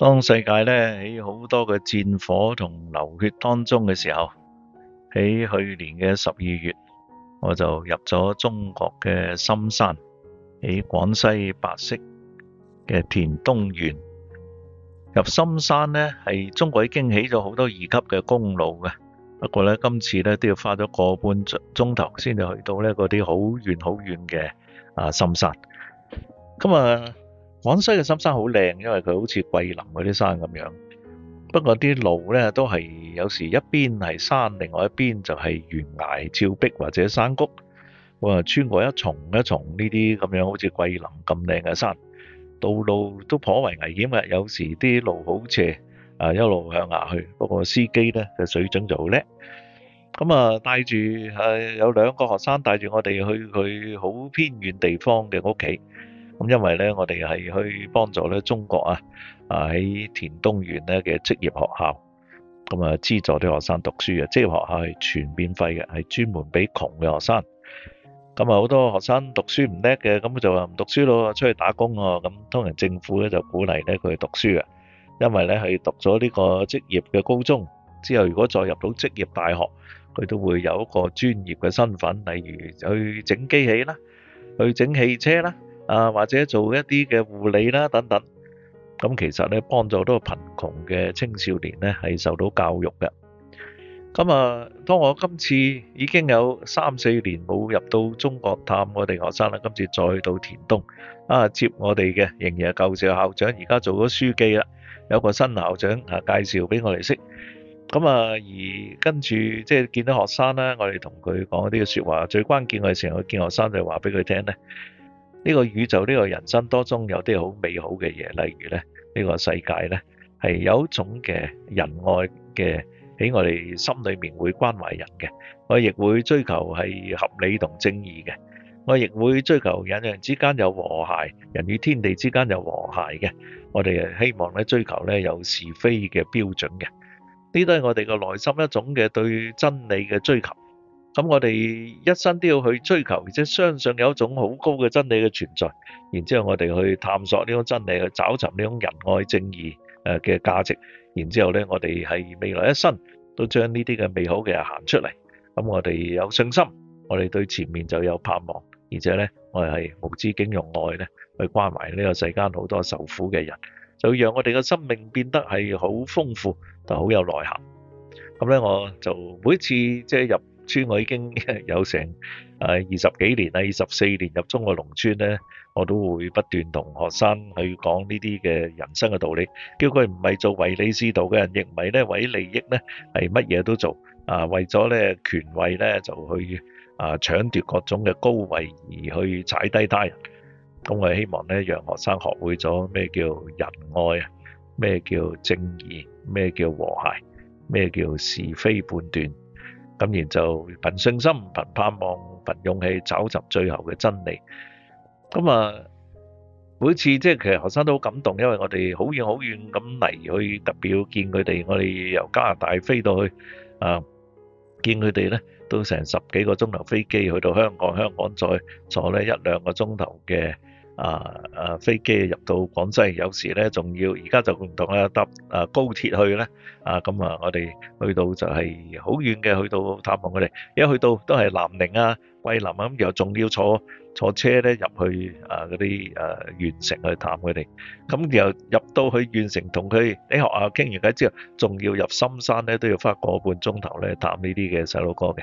當世界咧喺好多嘅戰火同流血當中嘅時候，喺去年嘅十二月，我就入咗中國嘅深山，喺廣西百色嘅田東縣。入深山咧，係中國已經起咗好多二級嘅公路嘅，不過咧今次咧都要花咗個半鐘頭先至去到咧嗰啲好遠好遠嘅啊深山。咁啊～廣西嘅深山好靚，因為佢好似桂林嗰啲山咁樣。不過啲路咧都係有時一邊係山，另外一邊就係懸崖峭壁或者山谷。哇、啊，穿過一重一重呢啲咁樣，好似桂林咁靚嘅山，道路都頗為危險嘅。有時啲路好斜，啊，一路向下去。不過，那個司機咧嘅水準就好叻。咁啊，帶住誒有兩個學生帶住我哋去佢好偏遠地方嘅屋企。咁因為咧，我哋係去幫助咧中國啊啊喺田東縣咧嘅職業學校，咁啊資助啲學生讀書啊。職業學校係全免費嘅，係專門俾窮嘅學生。咁啊好多學生讀書唔叻嘅，咁就話唔讀書咯，出去打工喎。咁當然政府咧就鼓勵咧佢去讀書嘅，因為咧係讀咗呢個職業嘅高中之後，如果再入到職業大學，佢都會有一個專業嘅身份，例如去整機器啦，去整汽車啦。啊，或者做一啲嘅護理啦，等等。咁其實咧，幫助到係貧窮嘅青少年咧，係受到教育嘅。咁啊，當我今次已經有三四年冇入到中國探我哋學生啦，今次再到田東啊，接我哋嘅仍然係舊時校長，而家做咗書記啦，有個新校長啊，介紹俾我哋識。咁啊，而跟住即係見到學生啦，我哋同佢講一啲嘅說話，最關鍵嘅時候去見學生就話俾佢聽咧，呢個宇宙呢個人生當中有啲好美好嘅嘢，例如呢，呢個世界呢，係有一種嘅仁愛嘅喺我哋心裏面會關懷人嘅，我亦會追求係合理同正義嘅，我亦會追求人與人之間有和諧，人與天地之間有和諧嘅，我哋希望咧追求咧有是非嘅標準嘅，呢都係我哋個內心一種嘅對真理嘅追求。咁我哋一生都要去追求，而且相信有一種好高嘅真理嘅存在。然之後我哋去探索呢種真理，去找尋呢種仁愛正義誒嘅價值。然之後咧，我哋喺未來一生都將呢啲嘅美好嘅行出嚟。咁我哋有信心，我哋對前面就有盼望。而且咧，我哋係無止境用愛咧去關懷呢個世間好多受苦嘅人，就讓我哋嘅生命變得係好豐富，就好有內涵。咁咧，我就每次即係入。我已經有成啊二十幾年啦，二十四年入中國農村咧，我都會不斷同學生去講呢啲嘅人生嘅道理，叫佢唔係做唯利是圖嘅人，亦唔係咧為利益咧係乜嘢都做啊，為咗咧權位咧就去啊搶奪各種嘅高位而去踩低他人。咁、嗯、我希望咧，讓學生學會咗咩叫仁愛，咩叫正義，咩叫和諧，咩叫是非判斷。咁然後就憑信心、憑盼望、憑勇氣找尋最後嘅真理。咁啊，每次即係其實學生都好感動，因為我哋好遠好遠咁嚟去，特別要見佢哋。我哋由加拿大飛到去啊，見佢哋咧，都成十幾個鐘頭飛機去到香港，香港再坐呢一兩個鐘頭嘅。啊啊！飛機入到廣西，有時咧仲要，而家就唔同啦，搭啊高鐵去咧。啊咁啊，我哋去到就係好遠嘅，去到探望佢哋。一去到都係南寧啊、桂林啊，咁又仲要坐坐車咧入去啊嗰啲啊縣城去探佢哋。咁又入到去縣城同佢喺學校傾完偈之後，仲要入深山咧，都要花個半鐘頭咧探呢啲嘅細路哥嘅。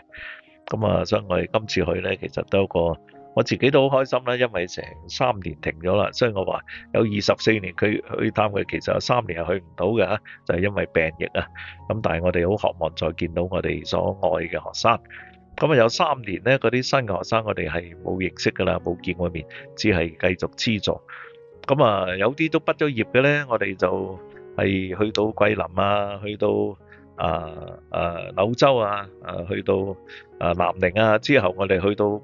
咁啊，所以我哋今次去咧，其實都有一個。我自己都好開心啦，因為成三年停咗啦，所以我話有二十四年佢去探佢，其實有三年係去唔到㗎，就係、是、因為病疫啊。咁但係我哋好渴望再見到我哋所愛嘅學生。咁啊，有三年呢，嗰啲新嘅學生我哋係冇認識㗎喇，冇見過面，只係繼續資助。咁啊，有啲都畢咗業嘅呢，我哋就係去到桂林啊，去到。啊啊柳州啊啊去到啊南寧啊之後我哋去到誒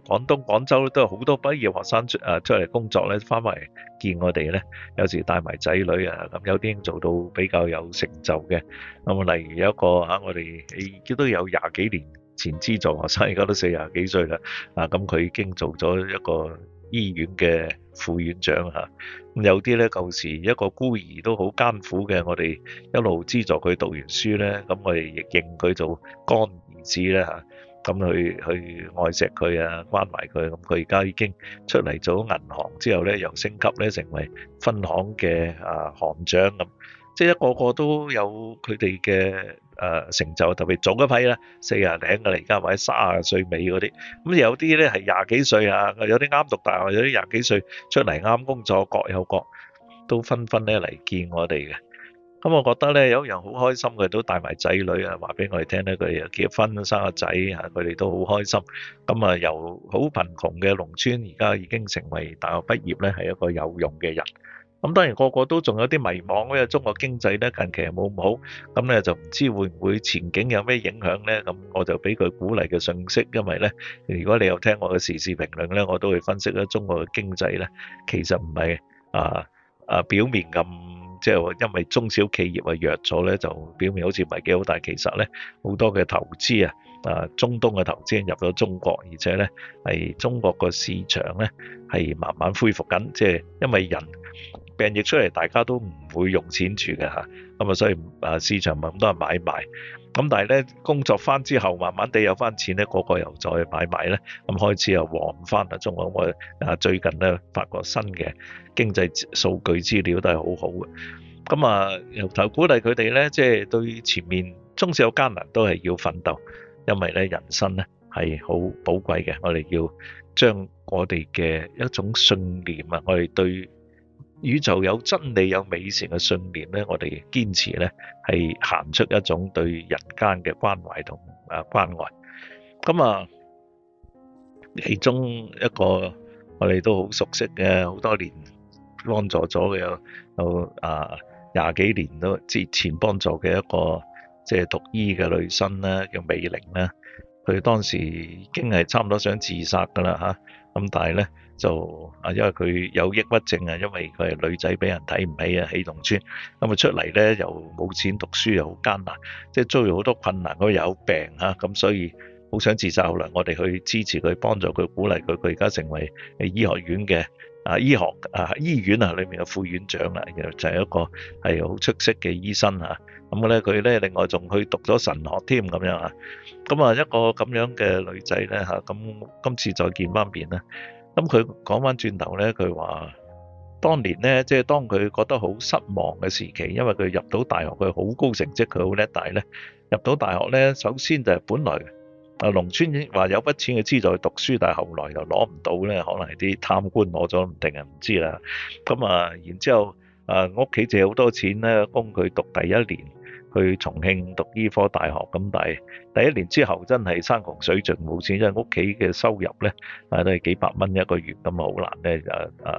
廣東廣州都有好多畢業學生出誒出嚟工作咧翻埋見我哋咧，有時帶埋仔女啊咁有啲已經做到比較有成就嘅咁啊，例如有一個啊我哋亦都有廿幾年前資助學生，而家都四十幾歲啦啊咁佢已經做咗一個。醫院嘅副院長嚇，咁有啲咧，舊時一個孤兒都好艱苦嘅，我哋一路資助佢讀完書咧，咁我哋亦認佢做乾兒子啦嚇，咁去去愛錫佢啊，關懷佢，咁佢而家已經出嚟做銀行之後咧，又升級咧成為分行嘅啊行長咁，即係一個個都有佢哋嘅。誒成就特別早一批啦，四廿零嘅啦，而家或者卅廿歲尾嗰啲，咁有啲咧係廿幾歲啊，有啲啱讀大學，有啲廿幾歲出嚟啱工作，各有各都紛紛咧嚟見我哋嘅。咁我覺得咧，有一人好開心嘅，都帶埋仔女啊，話俾我哋聽咧，佢又結婚生個仔，吓佢哋都好開心。咁啊，由好貧窮嘅農村而家已經成為大學畢業咧，係一個有用嘅人。咁當然個個都仲有啲迷茫咧，因為中國經濟咧近期係好唔好？咁咧就唔知會唔會前景有咩影響咧？咁我就俾佢鼓勵嘅信息，因為咧如果你有聽我嘅時事評論咧，我都會分析咧中國嘅經濟咧其實唔係啊啊表面咁，即係話，就是、因為中小企業啊弱咗咧，就表面好似唔係幾好，但係其實咧好多嘅投資啊。啊！中東嘅投資入咗中國，而且咧係中國個市場咧係慢慢恢復緊，即係因為人病疫出嚟，大家都唔會用錢住嘅嚇，咁啊，所以啊市場冇咁多人買賣。咁、啊、但係咧工作翻之後，慢慢地有翻錢咧，個個又再買賣咧，咁、啊、開始又旺翻啦。中國我啊最近咧發覺新嘅經濟數據資料都係好好嘅，咁啊由頭鼓勵佢哋咧，即係對前面，縱使有艱難都係要奮鬥。因為咧，人生咧係好寶貴嘅，我哋要將我哋嘅一種信念啊，我哋對宇宙有真理、有美善嘅信念咧，我哋堅持咧係行出一種對人間嘅關懷同啊關愛。咁、嗯、啊，其中一個我哋都好熟悉嘅，好多年幫助咗嘅，有有啊廿幾年都之前幫助嘅一個。即係讀醫嘅女生咧，叫美玲咧，佢當時已經係差唔多想自殺㗎啦嚇，咁但係呢，就啊，因為佢有抑鬱症啊，因為佢係女仔，俾人睇唔起啊，喺農村，咁啊出嚟呢，又冇錢讀書又好艱難，即係遭遇好多困難，佢有病嚇，咁所以好想自殺。後來我哋去支持佢，幫助佢，鼓勵佢，佢而家成為醫學院嘅。啊，醫學啊，醫院啊，裏面嘅副院長啦，就係一個係好出色嘅醫生嚇。咁咧，佢咧另外仲去讀咗神學添咁樣啊。咁啊，一個咁樣嘅女仔咧嚇，咁今次再見翻面咧。咁佢講翻轉頭咧，佢話：當年咧，即係當佢覺得好失望嘅時期，因為佢入到大學，佢好高成績，佢好叻，但係咧入到大學咧，首先就係本來。啊！農村話有筆錢嘅資助去讀書，但係後來又攞唔到咧，可能係啲貪官攞咗唔定啊，唔知啦。咁啊，然之後啊，屋企借好多錢咧，供佢讀第一年去重慶讀醫、e、科大學咁，但係第一年之後真係山窮水盡冇錢，因為屋企嘅收入咧，啊都係幾百蚊一個月，咁啊好難咧，啊啊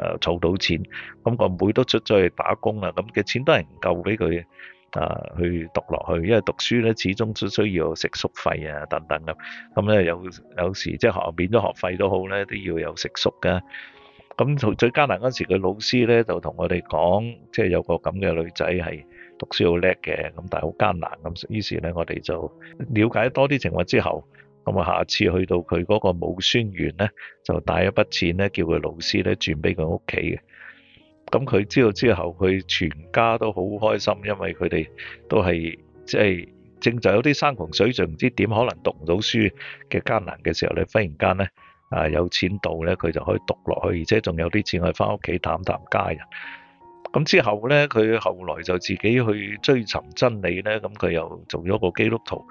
啊儲到錢。咁個妹，妹都出咗去打工啦，咁嘅錢都係唔夠俾佢嘅。啊，去讀落去，因為讀書咧，始終只需要食宿費啊，等等咁。咁咧，有有時即係免咗學費都好咧，都要有食宿噶。咁最最艱難嗰時候，佢老師咧就同我哋講，即係有個咁嘅女仔係讀書好叻嘅，咁但係好艱難咁。於是咧，我哋就了解了多啲情況之後，咁啊，下次去到佢嗰個武宣縣咧，就帶一筆錢咧，叫佢老師咧轉俾佢屋企嘅。咁佢知道之後，佢全家都好開心，因為佢哋都係即係正就有啲山窮水盡，唔知點可能讀唔到書嘅艱難嘅時候咧，你忽然間咧啊，有錢到咧，佢就可以讀落去，而且仲有啲錢可以翻屋企探探家人。咁之後咧，佢後來就自己去追尋真理咧，咁佢又做咗個基督徒。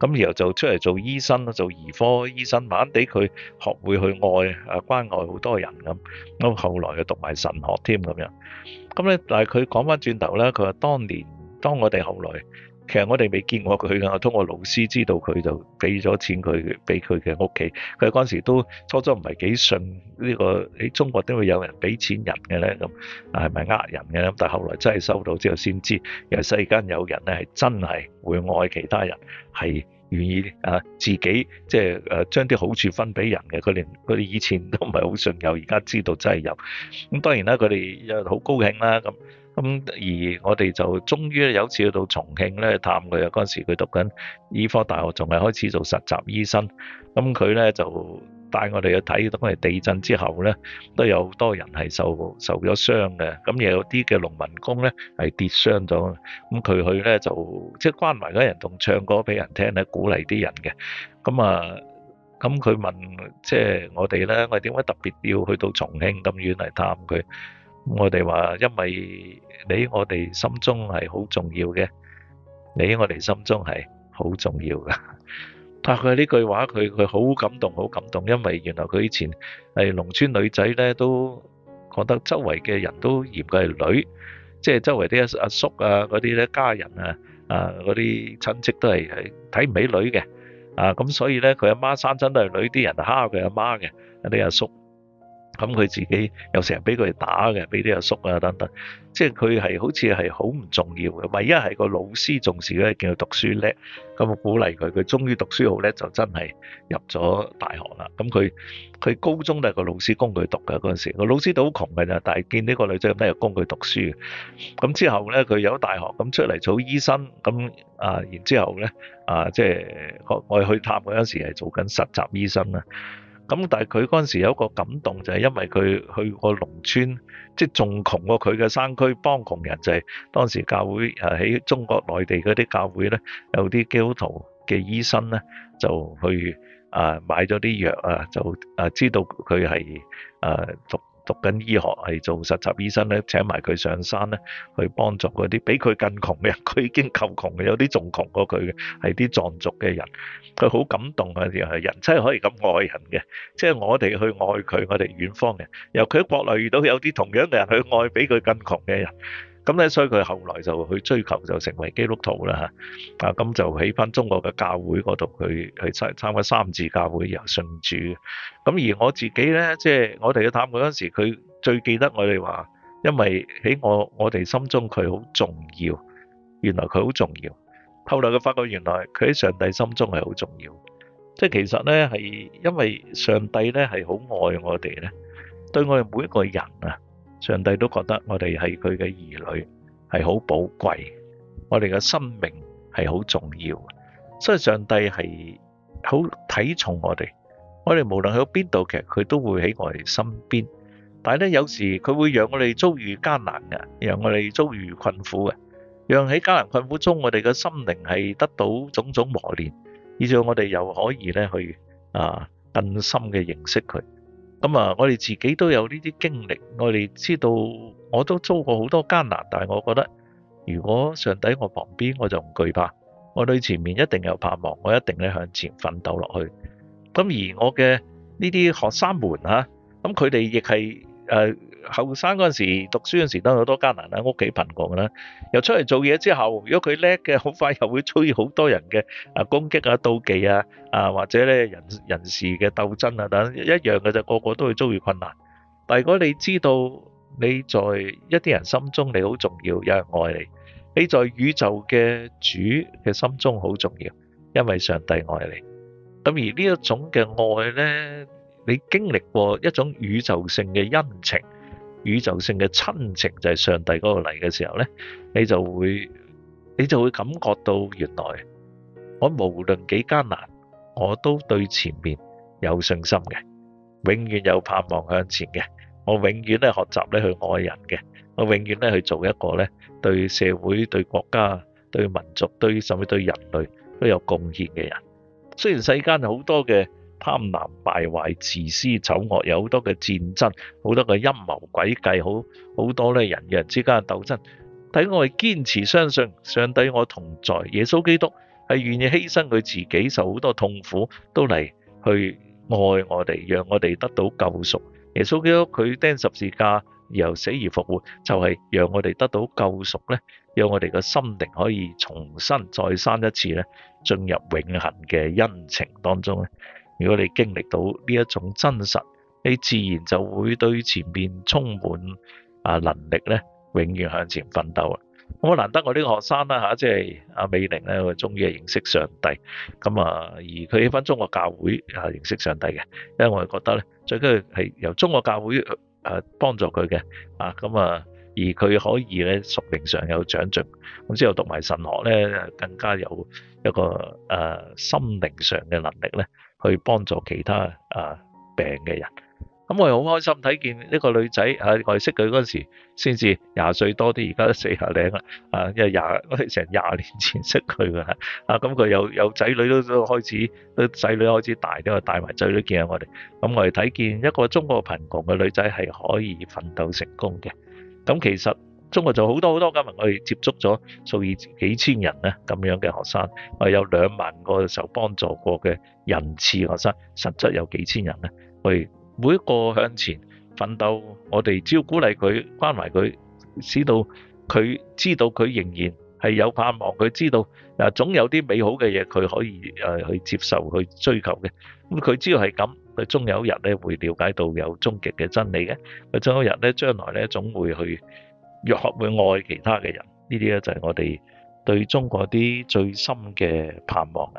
咁然後就出嚟做醫生啦，做兒科醫生，慢慢地佢學會去愛啊，關愛好多人咁。咁後來又讀埋神學添咁樣。咁咧，但係佢講返轉頭咧，佢話當年當我哋後來。其實我哋未見過佢噶，通過老師知道佢就俾咗錢佢，俾佢嘅屋企。佢嗰陣時都初初唔係幾信呢個喺中國點會有人俾錢人嘅咧咁，係咪呃人嘅咧？但係後來真係收到之後先知，其實世間有人咧係真係會愛其他人，係願意啊自己即係誒將啲好處分俾人嘅。佢哋佢哋以前都唔係好信，又而家知道真係有。咁當然啦，佢哋又好高興啦咁。咁而我哋就終於有一次去到重慶咧探佢啊，嗰陣時佢讀緊醫科大學，仲係開始做實習醫生。咁佢咧就帶我哋去睇，當係地震之後咧都有好多人係受受咗傷嘅。咁又有啲嘅農民工咧係跌傷咗。咁佢去咧就即係關埋嗰人，同唱歌俾人聽咧，鼓勵啲人嘅。咁啊，咁佢問即係我哋咧，我哋點解特別要去到重慶咁遠嚟探佢？我哋話，因為你我哋心中係好重要嘅，你我哋心中係好重要噶。 但佢呢句話，佢佢好感動，好感動。因為原來佢以前係農村女仔咧，都覺得周圍嘅人都嫌佢係女，即係周圍啲阿阿叔啊嗰啲咧家人啊啊嗰啲親戚都係睇唔起女嘅。啊，咁所以咧，佢阿媽生親都係女，啲人就蝦佢阿媽嘅，啲阿叔。咁佢自己又成日俾佢哋打嘅，俾啲阿叔啊等等，即係佢係好似係好唔重要嘅。唯一係個老師重視佢，見佢讀書叻，咁我鼓勵佢。佢終於讀書好叻，就真係入咗大學啦。咁佢佢高中都係個老師供佢讀噶，嗰陣時，個老師都好窮㗎咋，但係見呢個女仔都叻，供佢讀書。咁之後咧，佢有大學，咁出嚟做醫生。咁啊，然之後咧啊，即係我我去探佢嗰陣時係做緊實習醫生啊。咁但係佢嗰陣時有一個感動，就係因為佢去過農村，即係仲窮過佢嘅山區幫窮人，就係當時教會誒，喺中國內地嗰啲教會咧，有啲基督徒嘅醫生咧就去啊買咗啲藥啊，就啊知道佢係誒讀緊醫學係做實習醫生咧，請埋佢上山咧，去幫助嗰啲比佢更窮嘅人。佢已經夠窮嘅，有啲仲窮過佢嘅，係啲藏族嘅人。佢好感動啊！人真係可以咁愛人嘅，即係我哋去愛佢，我哋遠方嘅。由佢喺國內遇到有啲同樣嘅人去愛比佢更窮嘅人。咁咧，所以佢後來就去追求，就成為基督徒啦嚇。啊，咁就起翻中國嘅教會嗰度，佢去參參加三自教會，由信主。咁而我自己咧，即係我哋去探佢嗰陣時，佢最記得我哋話，因為喺我我哋心中佢好重要。原來佢好重要。後來佢發覺，原來佢喺上帝心中係好重要。即係其實咧，係因為上帝咧係好愛我哋咧，對我哋每一個人啊。上帝都覺得我哋係佢嘅兒女，係好寶貴，我哋嘅生命係好重要，所以上帝係好睇重我哋。我哋無論去到邊度，其實佢都會喺我哋身邊。但係咧，有時佢會讓我哋遭遇艱難㗎，讓我哋遭遇困苦嘅，讓喺艱難困苦中，我哋嘅心靈係得到種種磨練，以至我哋又可以咧去啊更深嘅認識佢。咁啊，我哋自己都有呢啲經歷，我哋知道我都遭過好多艱難，但係我覺得如果上帝喺我旁邊，我就唔懼怕。我對前面一定有盼望，我一定咧向前奮鬥落去。咁而我嘅呢啲學生們啊，咁佢哋亦係誒。後生嗰陣時讀書嗰陣時都好多艱難啦，屋企貧窮噶啦。又出嚟做嘢之後，如果佢叻嘅，好快又會遭遇好多人嘅啊攻擊啊、妒忌啊啊，或者咧人人事嘅鬥爭啊等、等一樣嘅，就個個都會遭遇困難。但如果你知道你在一啲人心中你好重要，有人愛你，你在宇宙嘅主嘅心中好重要，因為上帝愛你。咁而呢一種嘅愛呢，你經歷過一種宇宙性嘅恩情。宇宙性嘅親情就係上帝嗰個嚟嘅時候咧，你就會你就會感覺到，原來我無論幾艱難，我都對前面有信心嘅，永遠有盼望向前嘅。我永遠咧學習咧去愛人嘅，我永遠咧去做一個咧對社會、對國家、對民族、對甚至對人類都有貢獻嘅人。雖然世間好多嘅貪婪、敗壞、自私、醜惡，有好多嘅戰爭，好多嘅陰謀詭計，好好多咧人與人之間嘅鬥爭。但我係堅持相信上帝我同在，耶穌基督係願意犧牲佢自己，受好多痛苦都嚟去愛我哋，讓我哋得到救贖。耶穌基督佢釘十字架，然後死而復活，就係、是、讓我哋得到救贖咧，讓我哋嘅心靈可以重新再生一次咧，進入永恆嘅恩情當中咧。如果你經歷到呢一種真實，你自然就會對前面充滿啊能力咧，永遠向前奮鬥啊！咁啊，難得我呢個學生啦嚇，即係阿美玲咧，佢終於係認識上帝，咁啊，而佢喺翻中國教會啊認識上帝嘅，因為我係覺得咧，最緊要係由中國教會誒幫助佢嘅啊，咁啊，而佢可以咧屬靈上有長進，咁之後讀埋神學咧，更加有一個誒心靈上嘅能力咧。去幫助其他啊病嘅人，咁我哋好開心睇見呢個女仔啊！我哋識佢嗰陣時先至廿歲多啲，而家都四十零啦啊！因為廿成廿年前識佢嘅，啊咁佢有有仔女都都開始，仔女開始大啲，帶埋仔女見下我哋。咁我哋睇見一個中國貧窮嘅女仔係可以奮鬥成功嘅。咁其實，中國就好多好多嘅，我哋接觸咗數以幾千人咧咁樣嘅學生，我有兩萬個受幫助過嘅人次學生，實質有幾千人咧。我哋每一個向前奮鬥，我哋只要鼓勵佢、關懷佢，使到佢知道佢知道佢仍然係有盼望，佢知道嗱，總有啲美好嘅嘢佢可以誒去接受去追求嘅。咁佢只要係咁，佢終有一日咧會了解到有終極嘅真理嘅，佢終有一日咧將來咧總會去。若學會愛其他嘅人，呢啲就係我哋對中國啲最深嘅盼望。